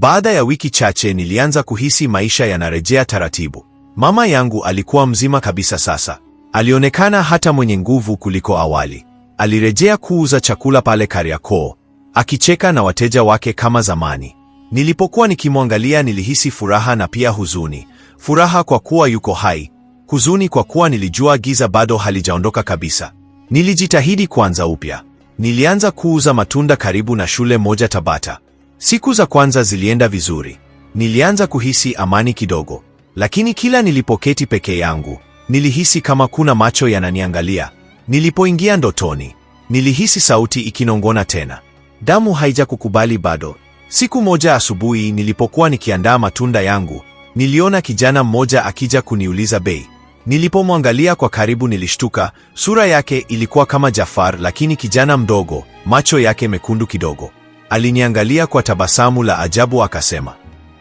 Baada ya wiki chache nilianza kuhisi maisha yanarejea taratibu. Mama yangu alikuwa mzima kabisa sasa. Alionekana hata mwenye nguvu kuliko awali. Alirejea kuuza chakula pale Kariakoo, akicheka na wateja wake kama zamani. Nilipokuwa nikimwangalia nilihisi furaha na pia huzuni. Furaha kwa kuwa yuko hai, huzuni kwa kuwa nilijua giza bado halijaondoka kabisa. Nilijitahidi kuanza upya. Nilianza kuuza matunda karibu na shule moja Tabata. Siku za kwanza zilienda vizuri, nilianza kuhisi amani kidogo, lakini kila nilipoketi peke yangu nilihisi kama kuna macho yananiangalia. Nilipoingia ndotoni, nilihisi sauti ikinongona tena, damu haijakukubali bado. Siku moja asubuhi, nilipokuwa nikiandaa matunda yangu, niliona kijana mmoja akija kuniuliza bei. Nilipomwangalia kwa karibu, nilishtuka. Sura yake ilikuwa kama Jafar, lakini kijana mdogo, macho yake mekundu kidogo. Aliniangalia kwa tabasamu la ajabu akasema,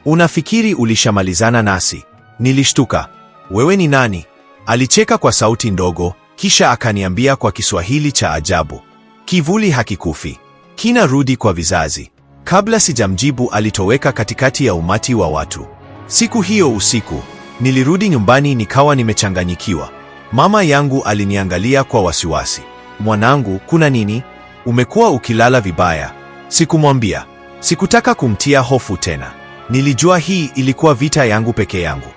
unafikiri ulishamalizana nasi? Nilishtuka. Wewe ni nani? Alicheka kwa sauti ndogo, kisha akaniambia kwa Kiswahili cha ajabu, kivuli hakikufi, kinarudi kwa vizazi. Kabla sijamjibu, alitoweka katikati ya umati wa watu. Siku hiyo usiku nilirudi nyumbani nikawa nimechanganyikiwa. Mama yangu aliniangalia kwa wasiwasi. Mwanangu, kuna nini? Umekuwa ukilala vibaya? Sikumwambia, sikutaka kumtia hofu tena. Nilijua hii ilikuwa vita yangu peke yangu.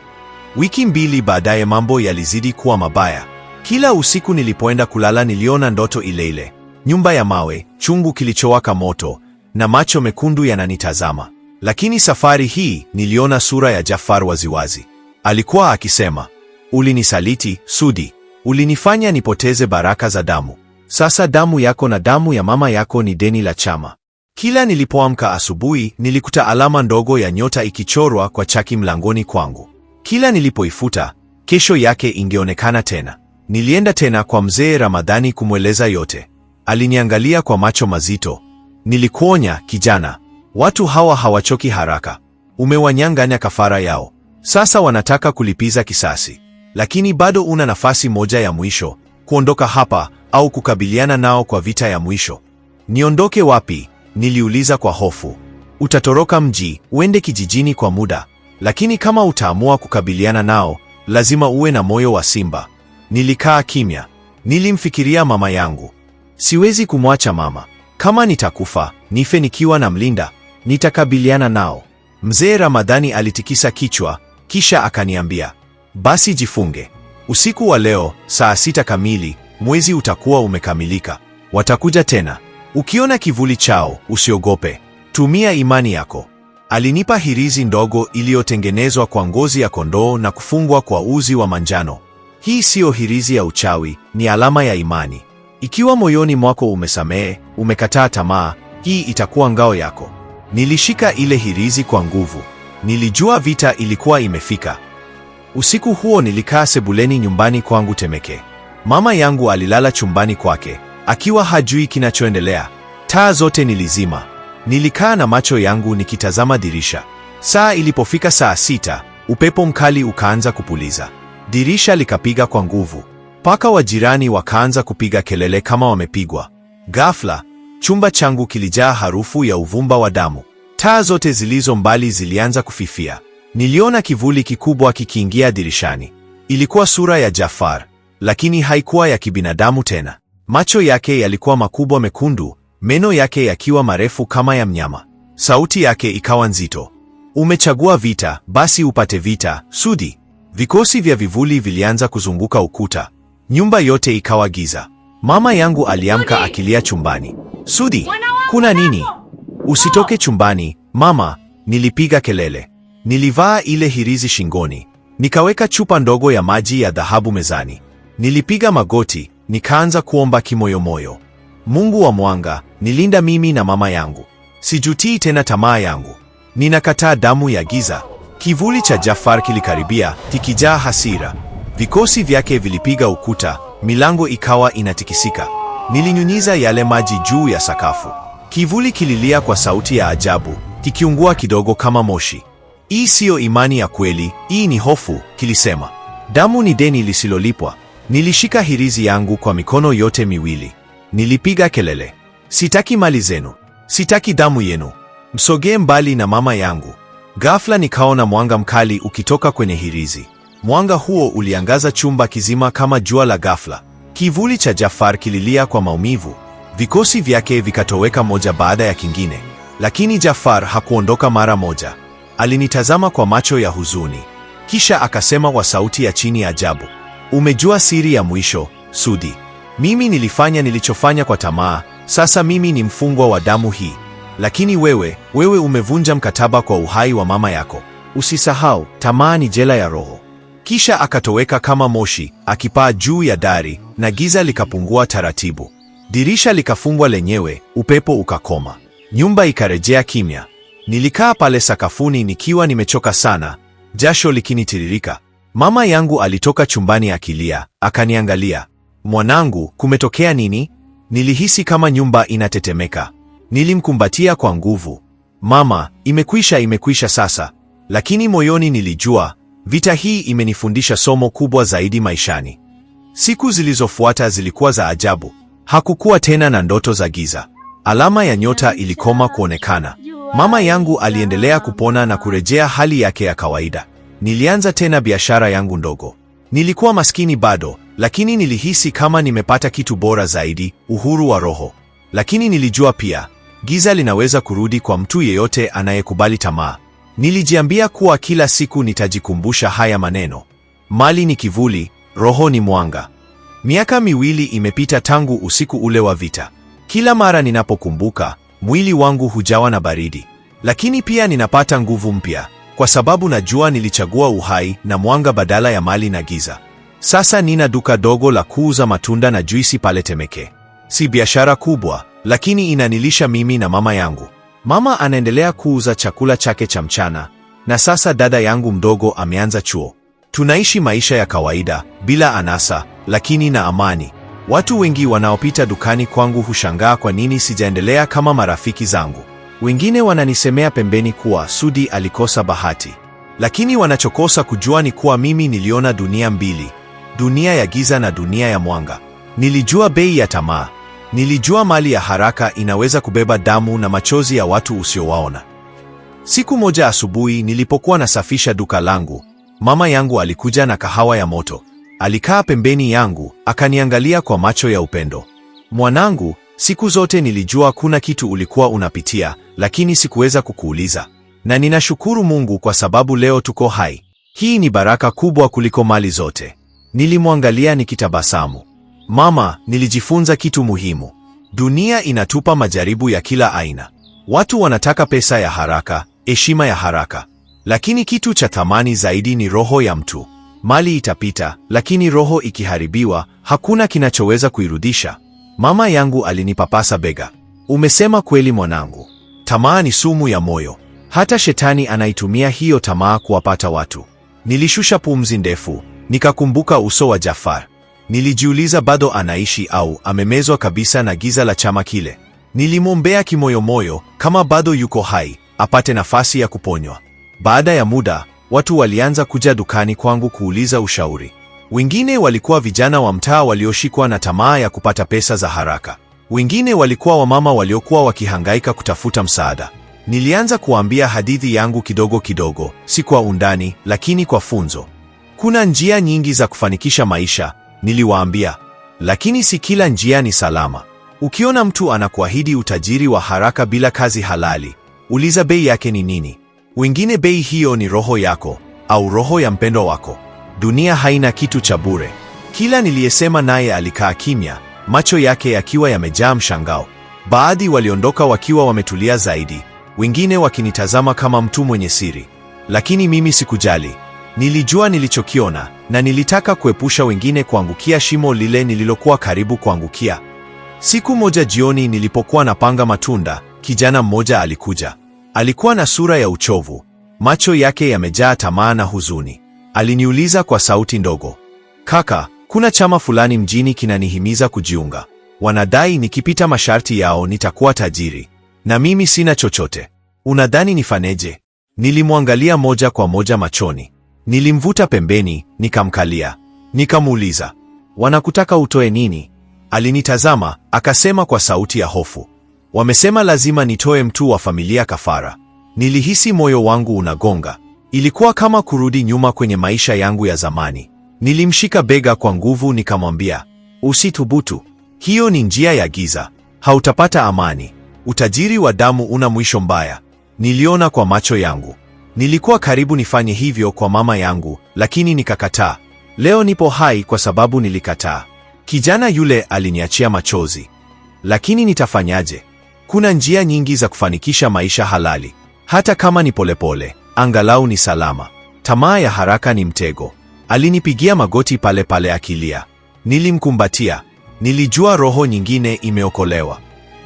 Wiki mbili baadaye, mambo yalizidi kuwa mabaya. Kila usiku nilipoenda kulala, niliona ndoto ile ile: nyumba ya mawe, chungu kilichowaka moto na macho mekundu yananitazama. Lakini safari hii niliona sura ya Jafar waziwazi. Alikuwa akisema, ulinisaliti Sudi, ulinifanya nipoteze baraka za damu. Sasa damu yako na damu ya mama yako ni deni la chama. Kila nilipoamka asubuhi, nilikuta alama ndogo ya nyota ikichorwa kwa chaki mlangoni kwangu. Kila nilipoifuta, kesho yake ingeonekana tena. Nilienda tena kwa mzee Ramadhani kumweleza yote. Aliniangalia kwa macho mazito. Nilikuonya kijana, watu hawa hawachoki haraka. Umewanyang'anya kafara yao, sasa wanataka kulipiza kisasi, lakini bado una nafasi moja ya mwisho: kuondoka hapa au kukabiliana nao kwa vita ya mwisho. Niondoke wapi? Niliuliza kwa hofu. Utatoroka mji uende kijijini kwa muda, lakini kama utaamua kukabiliana nao, lazima uwe na moyo wa simba. Nilikaa kimya, nilimfikiria mama yangu. Siwezi kumwacha mama. Kama nitakufa nife nikiwa na mlinda, nitakabiliana nao. Mzee Ramadhani alitikisa kichwa, kisha akaniambia, basi jifunge. Usiku wa leo saa sita kamili mwezi utakuwa umekamilika, watakuja tena. Ukiona kivuli chao usiogope, tumia imani yako. Alinipa hirizi ndogo iliyotengenezwa kwa ngozi ya kondoo na kufungwa kwa uzi wa manjano. Hii siyo hirizi ya uchawi, ni alama ya imani. Ikiwa moyoni mwako umesamehe, umekataa tamaa, hii itakuwa ngao yako. Nilishika ile hirizi kwa nguvu, nilijua vita ilikuwa imefika. Usiku huo nilikaa sebuleni nyumbani kwangu Temeke. Mama yangu alilala chumbani kwake akiwa hajui kinachoendelea. Taa zote nilizima. Nilikaa na macho yangu nikitazama dirisha. Saa ilipofika saa sita, upepo mkali ukaanza kupuliza. Dirisha likapiga kwa nguvu. Paka wa jirani wakaanza kupiga kelele kama wamepigwa. Ghafla, chumba changu kilijaa harufu ya uvumba wa damu. Taa zote zilizo mbali zilianza kufifia. Niliona kivuli kikubwa kikiingia dirishani. Ilikuwa sura ya Jafar, lakini haikuwa ya kibinadamu tena. Macho yake yalikuwa makubwa mekundu, meno yake yakiwa marefu kama ya mnyama. Sauti yake ikawa nzito. Umechagua vita, basi upate vita, sudi Vikosi vya vivuli vilianza kuzunguka ukuta. Nyumba yote ikawa giza. Mama yangu aliamka akilia chumbani. sudi kuna nini? Usitoke chumbani, mama, nilipiga kelele. Nilivaa ile hirizi shingoni. Nikaweka chupa ndogo ya maji ya dhahabu mezani. Nilipiga magoti, nikaanza kuomba kimoyomoyo, Mungu wa mwanga, nilinda mimi na mama yangu. Sijutii tena tamaa yangu, ninakataa damu ya giza. Kivuli cha Jafar kilikaribia kikijaa hasira. Vikosi vyake vilipiga ukuta, milango ikawa inatikisika. Nilinyunyiza yale maji juu ya sakafu. Kivuli kililia kwa sauti ya ajabu, kikiungua kidogo kama moshi. Hii siyo imani ya kweli, hii ni hofu, kilisema. Damu ni deni lisilolipwa, Nilishika hirizi yangu kwa mikono yote miwili. Nilipiga kelele, sitaki mali zenu, sitaki damu yenu, msogee mbali na mama yangu. Ghafla nikaona mwanga mkali ukitoka kwenye hirizi. Mwanga huo uliangaza chumba kizima kama jua la ghafla. Kivuli cha Jafar kililia kwa maumivu, vikosi vyake vikatoweka moja baada ya kingine, lakini Jafar hakuondoka mara moja. Alinitazama kwa macho ya huzuni, kisha akasema kwa sauti ya chini ajabu Umejua siri ya mwisho, Sudi. Mimi nilifanya nilichofanya kwa tamaa. Sasa mimi ni mfungwa wa damu hii. Lakini wewe, wewe umevunja mkataba kwa uhai wa mama yako. Usisahau, tamaa ni jela ya roho. Kisha akatoweka kama moshi, akipaa juu ya dari, na giza likapungua taratibu. Dirisha likafungwa lenyewe, upepo ukakoma. Nyumba ikarejea kimya. Nilikaa pale sakafuni nikiwa nimechoka sana, jasho likinitiririka. Mama yangu alitoka chumbani akilia, akaniangalia. Mwanangu, kumetokea nini? Nilihisi kama nyumba inatetemeka. Nilimkumbatia kwa nguvu. Mama, imekwisha, imekwisha sasa. Lakini moyoni nilijua vita hii imenifundisha somo kubwa zaidi maishani. Siku zilizofuata zilikuwa za ajabu. Hakukuwa tena na ndoto za giza. Alama ya nyota ilikoma kuonekana. Mama yangu aliendelea kupona na kurejea hali yake ya kawaida nilianza tena biashara yangu ndogo. Nilikuwa maskini bado, lakini nilihisi kama nimepata kitu bora zaidi, uhuru wa roho. Lakini nilijua pia giza linaweza kurudi kwa mtu yeyote anayekubali tamaa. Nilijiambia kuwa kila siku nitajikumbusha haya maneno: mali ni kivuli, roho ni mwanga. Miaka miwili imepita tangu usiku ule wa vita. Kila mara ninapokumbuka, mwili wangu hujawa na baridi, lakini pia ninapata nguvu mpya kwa sababu najua nilichagua uhai na mwanga badala ya mali na giza. Sasa nina duka dogo la kuuza matunda na juisi pale Temeke. Si biashara kubwa, lakini inanilisha mimi na mama yangu. Mama anaendelea kuuza chakula chake cha mchana, na sasa dada yangu mdogo ameanza chuo. Tunaishi maisha ya kawaida bila anasa, lakini na amani. Watu wengi wanaopita dukani kwangu hushangaa kwa nini sijaendelea kama marafiki zangu. Wengine wananisemea pembeni kuwa Sudi alikosa bahati, lakini wanachokosa kujua ni kuwa mimi niliona dunia mbili, dunia ya giza na dunia ya mwanga. Nilijua bei ya tamaa, nilijua mali ya haraka inaweza kubeba damu na machozi ya watu usiowaona. Siku moja asubuhi, nilipokuwa nasafisha duka langu, mama yangu alikuja na kahawa ya moto. Alikaa pembeni yangu, akaniangalia kwa macho ya upendo. Mwanangu, Siku zote nilijua kuna kitu ulikuwa unapitia, lakini sikuweza kukuuliza. Na ninashukuru Mungu kwa sababu leo tuko hai. Hii ni baraka kubwa kuliko mali zote. Nilimwangalia nikitabasamu. Mama, nilijifunza kitu muhimu. Dunia inatupa majaribu ya kila aina. Watu wanataka pesa ya haraka, heshima ya haraka. Lakini kitu cha thamani zaidi ni roho ya mtu. Mali itapita, lakini roho ikiharibiwa, hakuna kinachoweza kuirudisha. Mama yangu alinipapasa bega. Umesema kweli mwanangu, tamaa ni sumu ya moyo. Hata shetani anaitumia hiyo tamaa kuwapata watu. Nilishusha pumzi ndefu, nikakumbuka uso wa Jafar. Nilijiuliza bado anaishi au amemezwa kabisa na giza la chama kile. Nilimwombea kimoyomoyo kama bado yuko hai, apate nafasi ya kuponywa. Baada ya muda, watu walianza kuja dukani kwangu kuuliza ushauri. Wengine walikuwa vijana wa mtaa walioshikwa na tamaa ya kupata pesa za haraka. Wengine walikuwa wamama waliokuwa wakihangaika kutafuta msaada. Nilianza kuwaambia hadithi yangu kidogo kidogo, si kwa undani, lakini kwa funzo. Kuna njia nyingi za kufanikisha maisha, niliwaambia, lakini si kila njia ni salama. Ukiona mtu anakuahidi utajiri wa haraka bila kazi halali, uliza bei yake ni nini. Wengine bei hiyo ni roho yako au roho ya mpendwa wako dunia haina kitu cha bure. Kila niliyesema naye alikaa kimya, macho yake yakiwa yamejaa mshangao. Baadhi waliondoka wakiwa wametulia zaidi, wengine wakinitazama kama mtu mwenye siri, lakini mimi sikujali. Nilijua nilichokiona na nilitaka kuepusha wengine kuangukia shimo lile nililokuwa karibu kuangukia. Siku moja jioni, nilipokuwa napanga matunda, kijana mmoja alikuja. Alikuwa na sura ya uchovu, macho yake yamejaa tamaa na huzuni. Aliniuliza kwa sauti ndogo, kaka, kuna chama fulani mjini kinanihimiza kujiunga. Wanadai nikipita masharti yao nitakuwa tajiri, na mimi sina chochote. Unadhani nifaneje Nilimwangalia moja kwa moja machoni, nilimvuta pembeni, nikamkalia, nikamuuliza, wanakutaka utoe nini? Alinitazama akasema kwa sauti ya hofu, wamesema lazima nitoe mtu wa familia kafara. Nilihisi moyo wangu unagonga, Ilikuwa kama kurudi nyuma kwenye maisha yangu ya zamani. Nilimshika bega kwa nguvu, nikamwambia, usithubutu, hiyo ni njia ya giza, hautapata amani. Utajiri wa damu una mwisho mbaya. Niliona kwa macho yangu. Nilikuwa karibu nifanye hivyo kwa mama yangu, lakini nikakataa. Leo nipo hai kwa sababu nilikataa. Kijana yule aliniachia machozi. Lakini nitafanyaje? Kuna njia nyingi za kufanikisha maisha halali, hata kama ni polepole angalau ni salama. Tamaa ya haraka ni mtego. Alinipigia magoti pale pale akilia. Nilimkumbatia. Nilijua roho nyingine imeokolewa.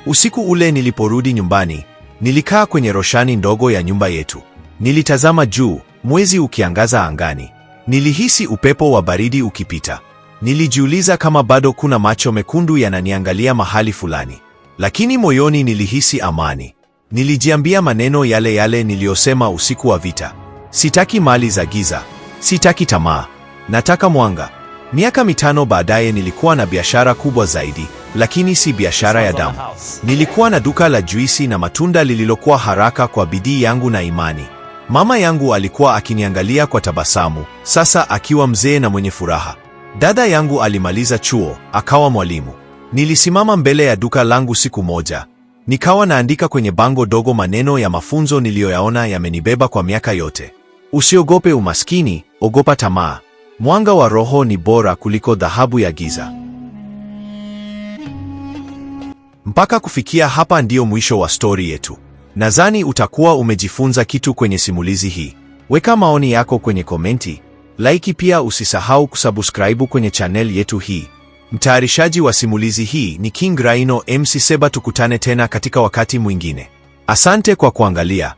Usiku ule niliporudi nyumbani, nilikaa kwenye roshani ndogo ya nyumba yetu. Nilitazama juu, mwezi ukiangaza angani. Nilihisi upepo wa baridi ukipita. Nilijiuliza kama bado kuna macho mekundu yananiangalia mahali fulani, lakini moyoni nilihisi amani. Nilijiambia maneno yale yale niliyosema usiku wa vita. Sitaki mali za giza, sitaki tamaa, nataka mwanga. Miaka mitano baadaye nilikuwa na biashara kubwa zaidi, lakini si biashara ya damu. Nilikuwa na duka la juisi na matunda lililokuwa haraka kwa bidii yangu na imani. Mama yangu alikuwa akiniangalia kwa tabasamu, sasa akiwa mzee na mwenye furaha. Dada yangu alimaliza chuo, akawa mwalimu. Nilisimama mbele ya duka langu siku moja, Nikawa naandika kwenye bango dogo maneno ya mafunzo niliyoyaona yamenibeba kwa miaka yote. Usiogope umaskini, ogopa tamaa. Mwanga wa roho ni bora kuliko dhahabu ya giza. Mpaka kufikia hapa ndiyo mwisho wa stori yetu. Nadhani utakuwa umejifunza kitu kwenye simulizi hii. Weka maoni yako kwenye komenti, laiki pia usisahau kusubscribe kwenye channel yetu hii. Mtayarishaji wa simulizi hii ni King Rhino MC Seba. Tukutane tena katika wakati mwingine. Asante kwa kuangalia.